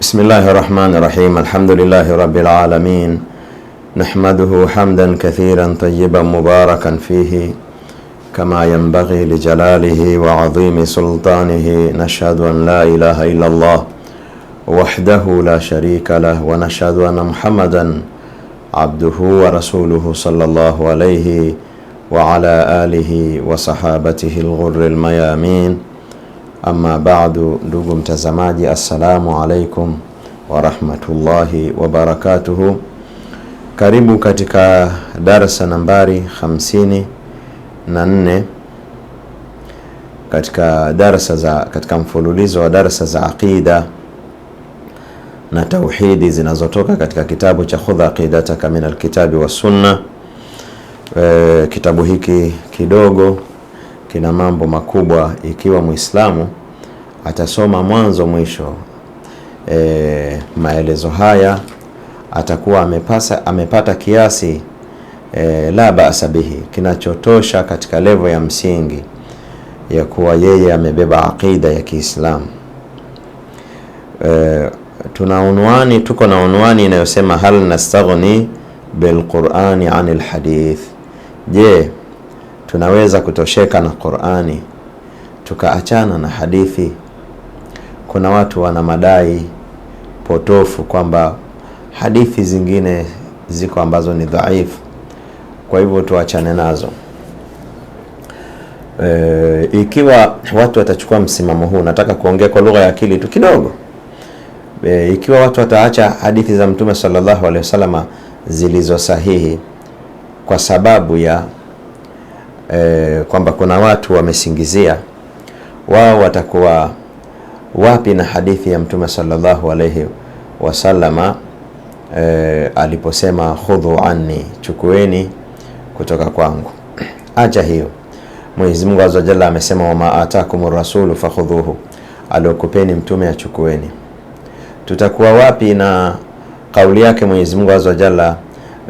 بسم الله الرحمن الرحيم الحمد لله رب العالمين نحمده حمدا كثيرا طيبا مباركا فيه كما ينبغي لجلاله وعظيم سلطانه نشهد ان لا اله الا الله وحده لا شريك له ونشهد ان محمدا عبده ورسوله صلى الله عليه وعلى اله وصحابته الغر الميامين Amma baadu, ndugu mtazamaji, assalamu alaikum warahmatullahi wabarakatuhu. Karibu katika darsa nambari 54 katika darasa za katika mfululizo wa darsa za aqida na tauhidi zinazotoka katika kitabu cha khudha aqidataka min alkitabi wassunna. E, eh, kitabu hiki kidogo kina mambo makubwa ikiwa Muislamu atasoma mwanzo mwisho e, maelezo haya atakuwa amepasa, amepata kiasi e, la basa bihi kinachotosha katika levo ya msingi ya kuwa yeye amebeba aqida ya Kiislamu. E, tuna unwani, tuko na unwani inayosema hal nastaghni bilqurani anil hadith. Je, tunaweza kutosheka na Qur'ani tukaachana na hadithi. Kuna watu wana madai potofu kwamba hadithi zingine ziko ambazo ni dhaifu, kwa hivyo tuachane nazo. E, ikiwa watu watachukua msimamo huu, nataka kuongea kwa lugha ya akili tu kidogo. E, ikiwa watu wataacha hadithi za Mtume sallallahu alaihi wasallam zilizo sahihi kwa sababu ya eh, kwamba kuna watu wamesingizia wao watakuwa wapi na hadithi ya Mtume sallallahu alayhi wasallama eh, aliposema khudhu anni, chukueni kutoka kwangu. Acha hiyo. Mwenyezi Mungu azza jalla amesema, wama atakumur rasulu fakhudhuhu, aliokupeni mtume achukueni. Tutakuwa wapi na kauli yake Mwenyezi Mungu azza jalla,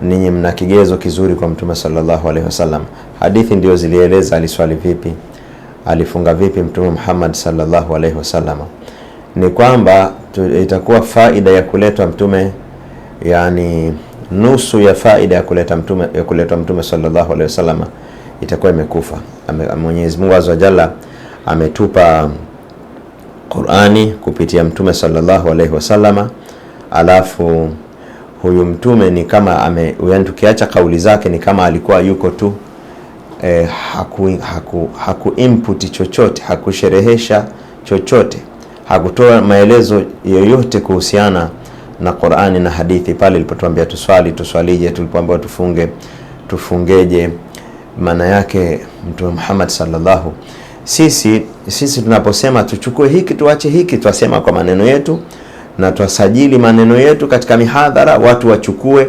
ninyi mna kigezo kizuri kwa Mtume sallallahu alayhi wasallam. Hadithi ndio zilieleza aliswali vipi, alifunga vipi Mtume Muhammad sallallahu alaihi wasallam. Ni kwamba itakuwa faida ya kuletwa mtume, yani nusu ya faida ya kuleta mtume ya kuletwa mtume sallallahu alaihi wasallam itakuwa imekufa. Mwenyezi Mungu azza jalla ametupa Qur'ani kupitia mtume sallallahu alaihi wasallam, alafu huyu mtume ni kama ame, yani tukiacha kauli zake ni kama alikuwa yuko tu eh, haku, haku, haku input chochote, hakusherehesha chochote, hakutoa maelezo yoyote kuhusiana na Qur'ani na hadithi. Pale ilipotuambia tuswali, tuswalije, tulipoambiwa tufunge, tufungeje, maana yake Mtume Muhammad sallallahu sisi sisi tunaposema tuchukue hiki tuache hiki, twasema kwa maneno yetu na twasajili maneno yetu katika mihadhara, watu wachukue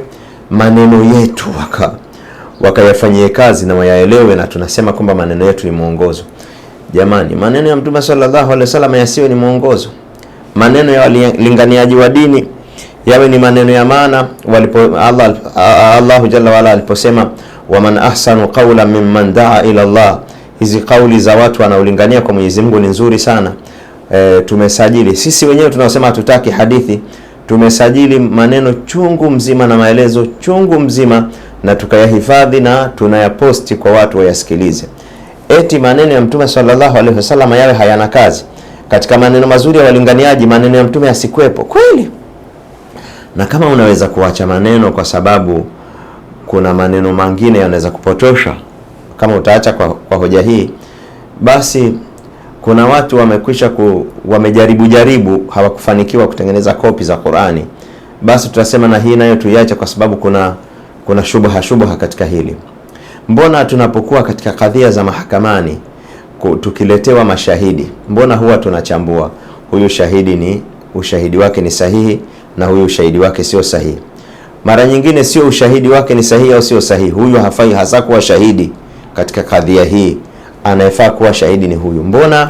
maneno yetu waka wakayafanyie kazi na wayaelewe, na tunasema kwamba maneno yetu ni mwongozo. Jamani, maneno ya Mtume sallallahu alaihi wasallam yasiwe ni mwongozo. Maneno ya walinganiaji wa dini yawe ni maneno ya maana walipo Allah, Allahu jalla waala aliposema waman ahsanu qawlan mimman daa ila Allah. Hizi kauli za watu wanaolingania kwa Mwenyezi Mungu ni nzuri sana. E, tumesajili sisi wenyewe tunaosema hatutaki hadithi, tumesajili maneno chungu mzima na maelezo chungu mzima na tukayahifadhi na tunayaposti kwa watu wayasikilize. Eti maneno ya Mtume sallallahu alaihi wasallam yawe hayana kazi katika maneno mazuri ya walinganiaji, maneno ya Mtume yasikwepo kweli? Na kama unaweza kuacha maneno kwa sababu kuna maneno mengine yanaweza kupotosha, kama utaacha kwa, kwa hoja hii, basi kuna watu wamekwisha ku, wamejaribu jaribu hawakufanikiwa kutengeneza kopi za Qur'ani, basi tutasema na hii nayo tuiache, kwa sababu kuna kuna shubha shubha katika hili. Mbona tunapokuwa katika kadhia za mahakamani tukiletewa mashahidi, mbona huwa tunachambua huyu shahidi ni ushahidi wake ni sahihi na huyu ushahidi wake sio sahihi? Mara nyingine sio ushahidi wake ni sahihi au sio sahihi, huyu hafai hasa kuwa shahidi katika kadhia hii, anayefaa kuwa shahidi ni huyu. Mbona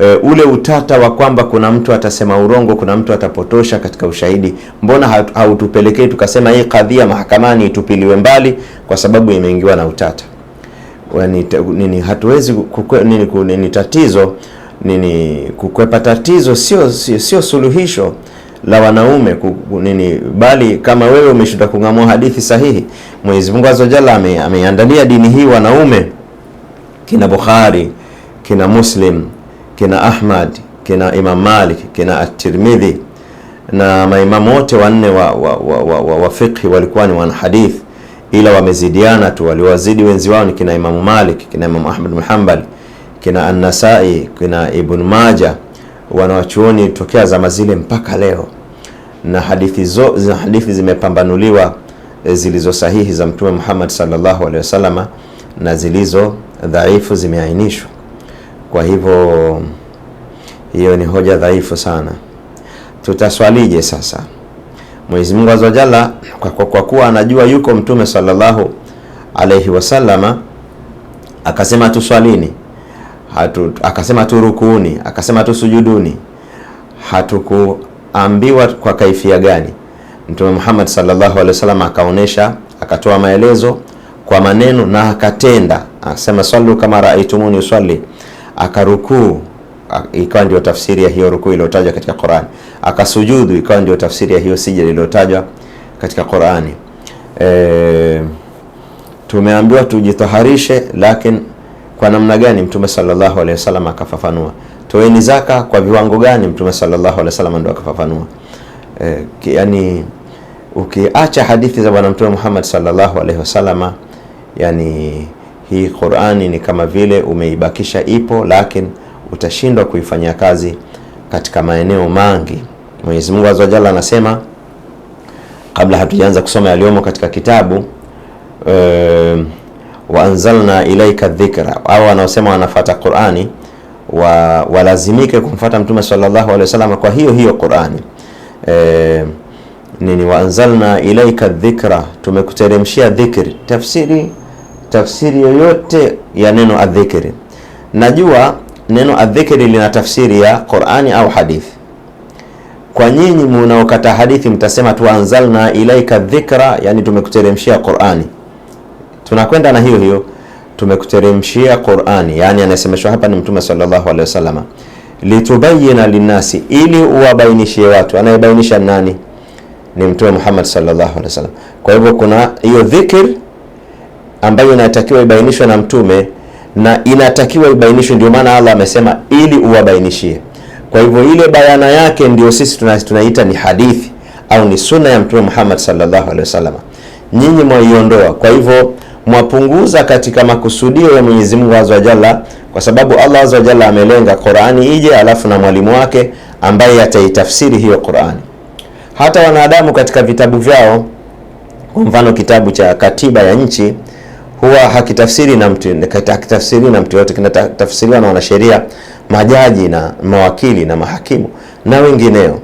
e, ule utata wa kwamba kuna mtu atasema urongo, kuna mtu atapotosha katika ushahidi, mbona hautupelekei tukasema hii kadhia mahakamani itupiliwe mbali kwa sababu imeingiwa na utata? Nini, hatuwezi kukwe, nini, nini, tatizo nini, kukwepa tatizo sio, sio, sio suluhisho la wanaume nini, bali kama wewe umeshinda kung'amua hadithi sahihi. Mwenyezi Mungu azza jalla dini hii wanaume, kina Bukhari kina Muslim kina Ahmad, kina Imam Malik, kina At-Tirmidhi na maimamu wote wanne wa, wa, wa, wa, wa, wa fiqhi walikuwa ni wanahadith, ila wamezidiana tu. Waliwazidi wenzi wao ni kina Imamu Malik, kina Imam Ahmad bin Hanbal, kina An-Nasai, kina Ibn Majah, wanawachuoni tokea zama zile mpaka leo, na hadithi zo, na hadithi zimepambanuliwa e, zilizo sahihi za Mtume Muhammad sallallahu alaihi wasallam na zilizo dhaifu zimeainishwa. Kwa hivyo hiyo ni hoja dhaifu sana. Tutaswalije sasa? Mwenyezi Mungu Azza Jalla kwa, kwa kuwa anajua yuko Mtume sallallahu alayhi wasallama akasema tuswalini hatu, akasema turukuuni, akasema tusujuduni. Hatukuambiwa kwa kaifia gani. Mtume Muhammad sallallahu alayhi wasallam akaonesha, akatoa maelezo kwa maneno na akatenda, akasema sallu kama raaitumuni usalli akarukuu ikawa ndio tafsiri ya hiyo rukuu iliyotajwa katika Qur'ani, akasujudu ikawa ndio tafsiri ya hiyo sijda iliyotajwa katika Qur'ani. E, tumeambiwa tujitaharishe, lakini kwa namna gani? Mtume sallallahu alaihi wasallam akafafanua. Toeni zaka kwa viwango gani? Mtume sallallahu alaihi wasallam ndio akafafanua. E, yani ukiacha hadithi za Bwana Mtume Muhammad sallallahu alaihi wasallam yani hii Qur'ani ni kama vile umeibakisha ipo, lakini utashindwa kuifanyia kazi katika maeneo mangi. Mwenyezi Mungu Azza wa Jalla anasema kabla hatujaanza kusoma yaliyomo katika kitabu e, eh, waanzalna ilaika dhikra, au wanaosema wanafata Qur'ani wa, walazimike kumfata Mtume sallallahu alaihi wasallam kwa hiyo hiyo Qur'ani e, nini waanzalna ilaika dhikra, tumekuteremshia dhikri. Tafsiri tafsiri yoyote ya neno adhikiri Najua neno adhikiri lina tafsiri ya Qur'ani au hadithi. Kwa nyinyi munaokata hadithi mtasema tu anzalna ilaika dhikra, yani tumekuteremshia Qur'ani. Tunakwenda na hiyo hiyo, tumekuteremshia Qur'ani, yani anasemeshwa hapa ni Mtume sallallahu alaihi wasallam, litubayina linasi, ili uwabainishie watu. Anayebainisha nani? Ni Mtume Muhammad sallallahu alaihi wasallam. Kwa hivyo kuna hiyo dhikri ambayo inatakiwa ibainishwe na mtume na inatakiwa ibainishwe, ndio maana Allah amesema ili uwabainishie. Kwa hivyo ile bayana yake ndio sisi tunaita ni hadithi au ni sunna ya Mtume Muhammad sallallahu alaihi wasallam. Nyinyi mwaiondoa, kwa hivyo mwapunguza katika makusudio ya Mwenyezi Mungu azza jalla, kwa sababu Allah azza jalla amelenga Qur'ani ije, alafu na mwalimu wake ambaye ataitafsiri hiyo Qur'ani. Hata wanadamu katika vitabu vyao, kwa mfano kitabu cha katiba ya nchi huwa hakitafsiri na mtu hakitafsiri na mtu yote, kinatafsiriwa na wanasheria, majaji na mawakili na mahakimu na wengineo.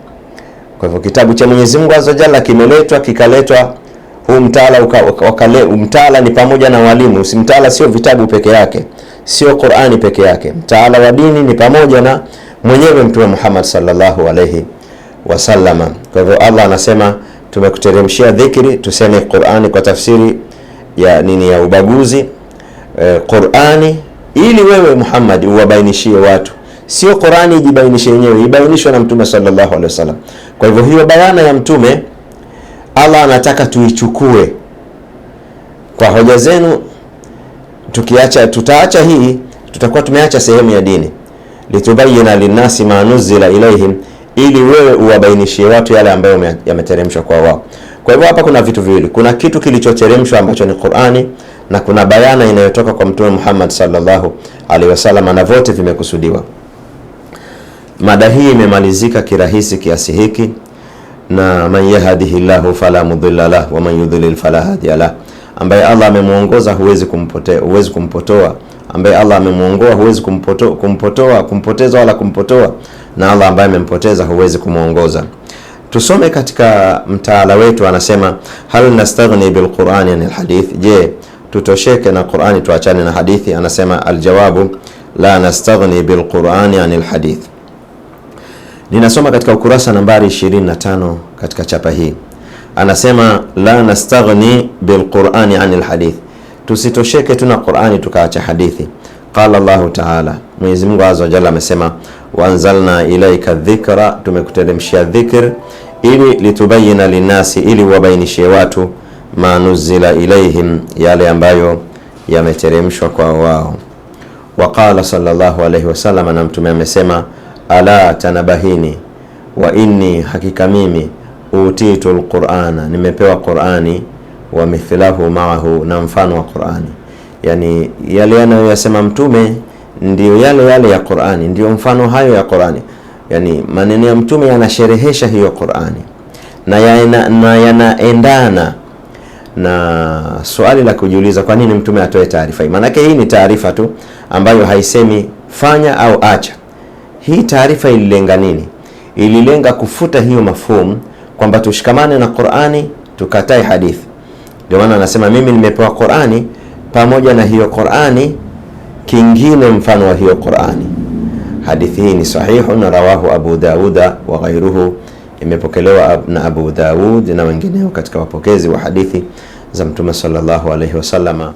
Kwa hivyo kitabu cha Mwenyezi Mungu Azza Jalla kimeletwa kikaletwa huu mtaala wakale, mtaala ni pamoja na walimu. Si mtaala sio vitabu peke yake, sio Qur'ani peke yake. Mtaala wa dini ni pamoja na mwenyewe Mtume Muhammad sallallahu alayhi wasallama. Kwa hivyo Allah anasema tumekuteremshia dhikri, tuseme Qur'ani kwa tafsiri ya nini ya ubaguzi eh, Qur'ani, ili wewe Muhammad uwabainishie watu, sio Qur'ani ijibainishe yenyewe, ibainishwe na Mtume sallallahu alaihi wasallam. Kwa hivyo hiyo bayana ya Mtume Allah anataka tuichukue kwa hoja zenu. Tukiacha tutaacha hii, tutakuwa tumeacha sehemu ya dini, litubayina linnasi ma nuzila ilaihim, ili wewe uwabainishie watu yale ambayo yameteremshwa kwa wao. Kwa hivyo hapa kuna vitu viwili, kuna kitu kilichoteremshwa ambacho ni Qur'ani na kuna bayana inayotoka kwa Mtume Muhammad sallallahu alaihi wasallam, na vote vimekusudiwa. Mada hii imemalizika kirahisi kiasi hiki, na man yahdihi llahu fala mudilla lah wa man yudlil fala hadiya lah, ambaye Allah amemwongoza huwezi kumpotea, huwezi kumpotoa ambaye Allah amemwongoa huwezi kumpoto, kumpotoa kumpoteza wala kumpotoa, na Allah ambaye amempoteza huwezi kumwongoza. Tusome katika mtaala wetu, anasema hal nastaghni bil qur'ani al hadith, je tutosheke na Qur'ani tuachane na hadithi? Anasema aljawabu la nastaghni bil qur'ani al hadith. Ninasoma katika ukurasa nambari 25 katika chapa hii, anasema la nastaghni bil qur'ani al hadith, tusitosheke tuna Qur'ani tukaacha hadithi Qala Allahu taala, Mwenyezi Mungu azza wa jalla amesema, waanzalna ilaika dhikra, tumekuteremshia dhikr ili litubayina linasi, ili wabainishie watu manuzila ilaihim, yale ambayo yameteremshwa kwa wao. Waqala sallallahu alayhi wasallam, na mtume amesema, ala tanabahini wa inni, hakika mimi utitu lqurana, nimepewa Qurani wa mithlahu maahu, na mfano wa Qurani yani yale yanayoyasema mtume ndiyo yale yale ya Qur'ani, ndiyo mfano hayo ya Qur'ani. Yani maneno ya mtume yanasherehesha hiyo Qur'ani na yanaendana na, na swali la kujiuliza, kwa nini mtume atoe taarifa hii? Maanake hii ni taarifa tu ambayo haisemi fanya au acha. Hii taarifa ililenga nini? Ililenga kufuta hiyo mafumu kwamba tushikamane na Qur'ani, tukatae hadithi. Ndio maana anasema mimi nimepewa Qur'ani pamoja na hiyo Qur'ani kingine mfano wa hiyo Qur'ani. Hadithi hii ni sahihu na rawahu Abu Dauda wa ghairuhu, imepokelewa na Abu Daud na wengineo katika wapokezi wa hadithi za Mtume sallallahu alaihi wasallama.